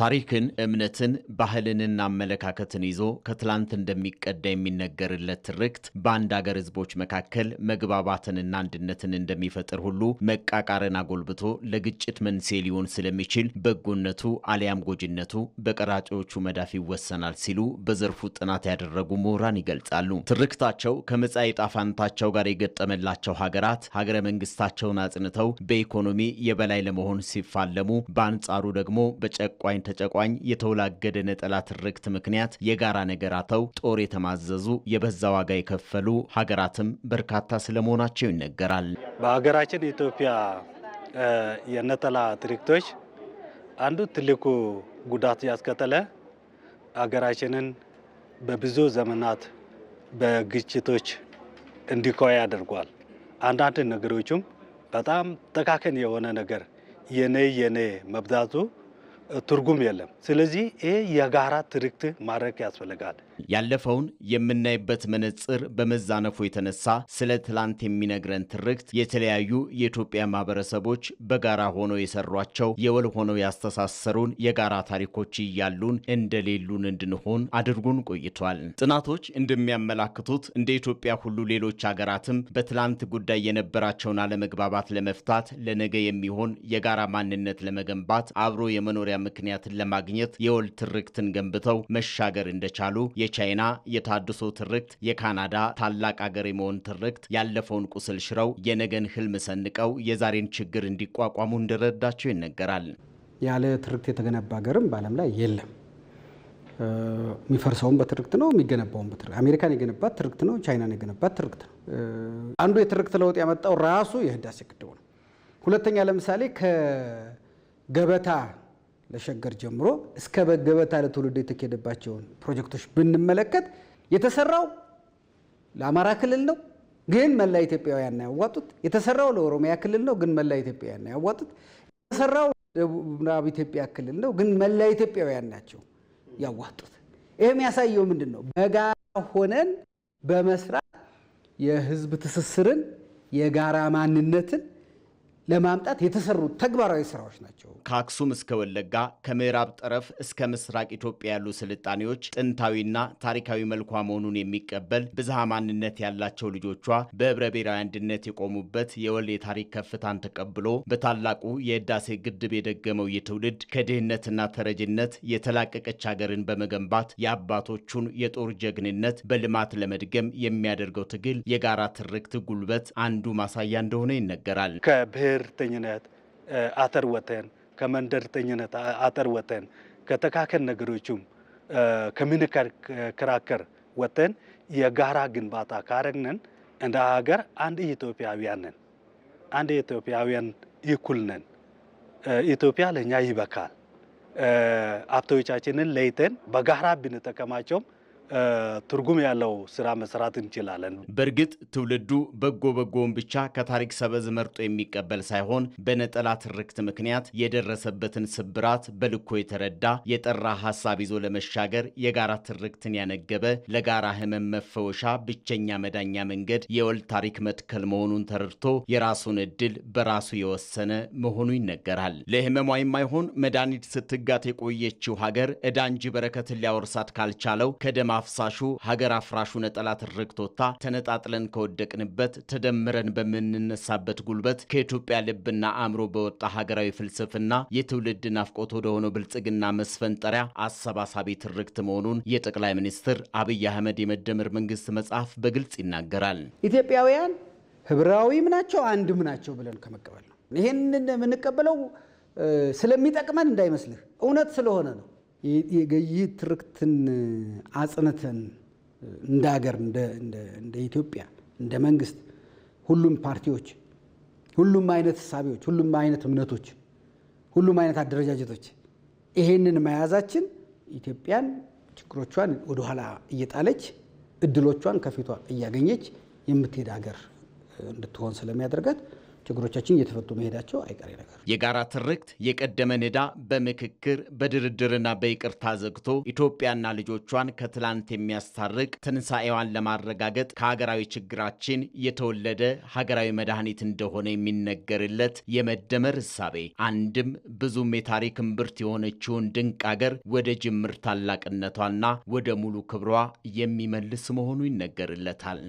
ታሪክን፣ እምነትን፣ ባህልንና አመለካከትን ይዞ ከትላንት እንደሚቀዳ የሚነገርለት ትርክት በአንድ አገር ህዝቦች መካከል መግባባትንና አንድነትን እንደሚፈጥር ሁሉ መቃቃርን አጎልብቶ ለግጭት መንስኤ ሊሆን ስለሚችል በጎነቱ አሊያም ጎጂነቱ በቀራጮቹ መዳፍ ይወሰናል ሲሉ በዘርፉ ጥናት ያደረጉ ምሁራን ይገልጻሉ። ትርክታቸው ከመጻኢ ዕጣ ፈንታቸው ጋር የገጠመላቸው ሀገራት ሀገረ መንግስታቸውን አጽንተው በኢኮኖሚ የበላይ ለመሆን ሲፋለሙ፣ በአንጻሩ ደግሞ በጨቋኝ ተጨቋኝ የተወላገደ ነጠላ ትርክት ምክንያት የጋራ ነገር አተው ጦር የተማዘዙ የበዛ ዋጋ የከፈሉ ሀገራትም በርካታ ስለመሆናቸው ይነገራል። በሀገራችን ኢትዮጵያ የነጠላ ትርክቶች አንዱ ትልቁ ጉዳት ያስከተለ ሀገራችንን በብዙ ዘመናት በግጭቶች እንዲቆይ ያደርጓል። አንዳንድ ነገሮችም በጣም ጠቃቅን የሆነ ነገር የኔ የኔ መብዛቱ ትርጉም የለም። ስለዚህ ይሄ የጋራ ትርክት ማድረግ ያስፈልጋል። ያለፈውን የምናይበት መነጽር በመዛነፉ የተነሳ ስለ ትላንት የሚነግረን ትርክት የተለያዩ የኢትዮጵያ ማህበረሰቦች በጋራ ሆነው የሰሯቸው የወል ሆነው ያስተሳሰሩን የጋራ ታሪኮች እያሉን እንደሌሉን እንድንሆን አድርጉን ቆይቷል። ጥናቶች እንደሚያመላክቱት እንደ ኢትዮጵያ ሁሉ ሌሎች ሀገራትም በትላንት ጉዳይ የነበራቸውን አለመግባባት ለመፍታት ለነገ የሚሆን የጋራ ማንነት ለመገንባት አብሮ የመኖሪያ ምክንያትን ለማግኘት የወል ትርክትን ገንብተው መሻገር እንደቻሉ የቻይና የታድሶ ትርክት፣ የካናዳ ታላቅ አገር የመሆን ትርክት ያለፈውን ቁስል ሽረው የነገን ህልም ሰንቀው የዛሬን ችግር እንዲቋቋሙ እንደረዳቸው ይነገራል። ያለ ትርክት የተገነባ ሀገርም በዓለም ላይ የለም። የሚፈርሰውን በትርክት ነው፣ የሚገነባውን በትርክት አሜሪካን የገነባት ትርክት ነው፣ ቻይናን የገነባት ትርክት ነው። አንዱ የትርክት ለውጥ ያመጣው ራሱ የህዳሴ ግድቡ ነው። ሁለተኛ ለምሳሌ ከገበታ ለሸገር ጀምሮ እስከ በገበታ ለትውልድ የተካሄደባቸውን ፕሮጀክቶች ብንመለከት የተሰራው ለአማራ ክልል ነው፣ ግን መላ ኢትዮጵያውያን ያዋጡት። የተሰራው ለኦሮሚያ ክልል ነው፣ ግን መላ ኢትዮጵያውያን ያዋጡት። የተሰራው ምዕራብ ኢትዮጵያ ክልል ነው፣ ግን መላ ኢትዮጵያውያን ናቸው ያዋጡት። ይህ የሚያሳየው ምንድን ነው? በጋራ ሆነን በመስራት የህዝብ ትስስርን የጋራ ማንነትን ለማምጣት የተሰሩ ተግባራዊ ስራዎች ናቸው። ከአክሱም እስከ ወለጋ ከምዕራብ ጠረፍ እስከ ምስራቅ ኢትዮጵያ ያሉ ስልጣኔዎች ጥንታዊና ታሪካዊ መልኳ መሆኑን የሚቀበል ብዝሃ ማንነት ያላቸው ልጆቿ በህብረ ብሔራዊ አንድነት የቆሙበት የወል የታሪክ ከፍታን ተቀብሎ በታላቁ የህዳሴ ግድብ የደገመው የትውልድ ከድህነትና ተረጅነት የተላቀቀች ሀገርን በመገንባት የአባቶቹን የጦር ጀግንነት በልማት ለመድገም የሚያደርገው ትግል የጋራ ትርክት ጉልበት አንዱ ማሳያ እንደሆነ ይነገራል። ከብሔርተኝነት አተር ወተን ከመንደርተኝነት አተር ወተን ከተካከል ነገሮችም ከምንከራከር ወተን የጋራ ግንባታ ካረግነን እንደ ሀገር አንድ ኢትዮጵያውያን ነን። አንድ ኢትዮጵያውያን እኩል ነን። ኢትዮጵያ ለእኛ ይበካል ሀብቶቻችንን ለይተን በጋራ ብንጠቀማቸውም ትርጉም ያለው ስራ መስራት እንችላለን። በእርግጥ ትውልዱ በጎ በጎውን ብቻ ከታሪክ ሰበዝ መርጦ የሚቀበል ሳይሆን በነጠላ ትርክት ምክንያት የደረሰበትን ስብራት በልኮ የተረዳ የጠራ ሀሳብ ይዞ ለመሻገር የጋራ ትርክትን ያነገበ ለጋራ ህመም መፈወሻ ብቸኛ መዳኛ መንገድ የወል ታሪክ መትከል መሆኑን ተረድቶ የራሱን እድል በራሱ የወሰነ መሆኑ ይነገራል። ለህመሟ የማይሆን መድኃኒት ስትጋት የቆየችው ሀገር ዕዳ እንጂ በረከትን ሊያወርሳት ካልቻለው ከደማ አፍሳሹ ሀገር አፍራሹ ነጠላ ትርክት ተነጣጥለን ከወደቅንበት ተደምረን በምንነሳበት ጉልበት ከኢትዮጵያ ልብና አእምሮ በወጣ ሀገራዊ ፍልስፍና የትውልድ ናፍቆት ወደሆነው ብልጽግና መስፈንጠሪያ አሰባሳቢ ትርክት መሆኑን የጠቅላይ ሚኒስትር አብይ አህመድ የመደመር መንግስት መጽሐፍ በግልጽ ይናገራል። ኢትዮጵያውያን ህብራዊም ናቸው አንድም ናቸው ብለን ከመቀበል ነው። ይህንን የምንቀበለው ስለሚጠቅመን እንዳይመስልህ፣ እውነት ስለሆነ ነው። የገዢ ትርክትን አጽንተን እንደ ሀገር እንደ ኢትዮጵያ እንደ መንግስት ሁሉም ፓርቲዎች፣ ሁሉም አይነት ሳቢዎች ሁሉም አይነት እምነቶች፣ ሁሉም አይነት አደረጃጀቶች ይሄንን መያዛችን ኢትዮጵያን ችግሮቿን ወደኋላ እየጣለች እድሎቿን ከፊቷ እያገኘች የምትሄድ ሀገር እንድትሆን ስለሚያደርጋት ችግሮቻችን እየተፈቱ መሄዳቸው አይቀሬ ነገር። የጋራ ትርክት የቀደመ ንዳ በምክክር በድርድርና በይቅርታ ዘግቶ ኢትዮጵያና ልጆቿን ከትላንት የሚያስታርቅ ትንሣኤዋን ለማረጋገጥ ከሀገራዊ ችግራችን የተወለደ ሀገራዊ መድኃኒት እንደሆነ የሚነገርለት የመደመር እሳቤ አንድም ብዙም የታሪክ እምብርት የሆነችውን ድንቅ አገር ወደ ጅምር ታላቅነቷና ወደ ሙሉ ክብሯ የሚመልስ መሆኑ ይነገርለታል።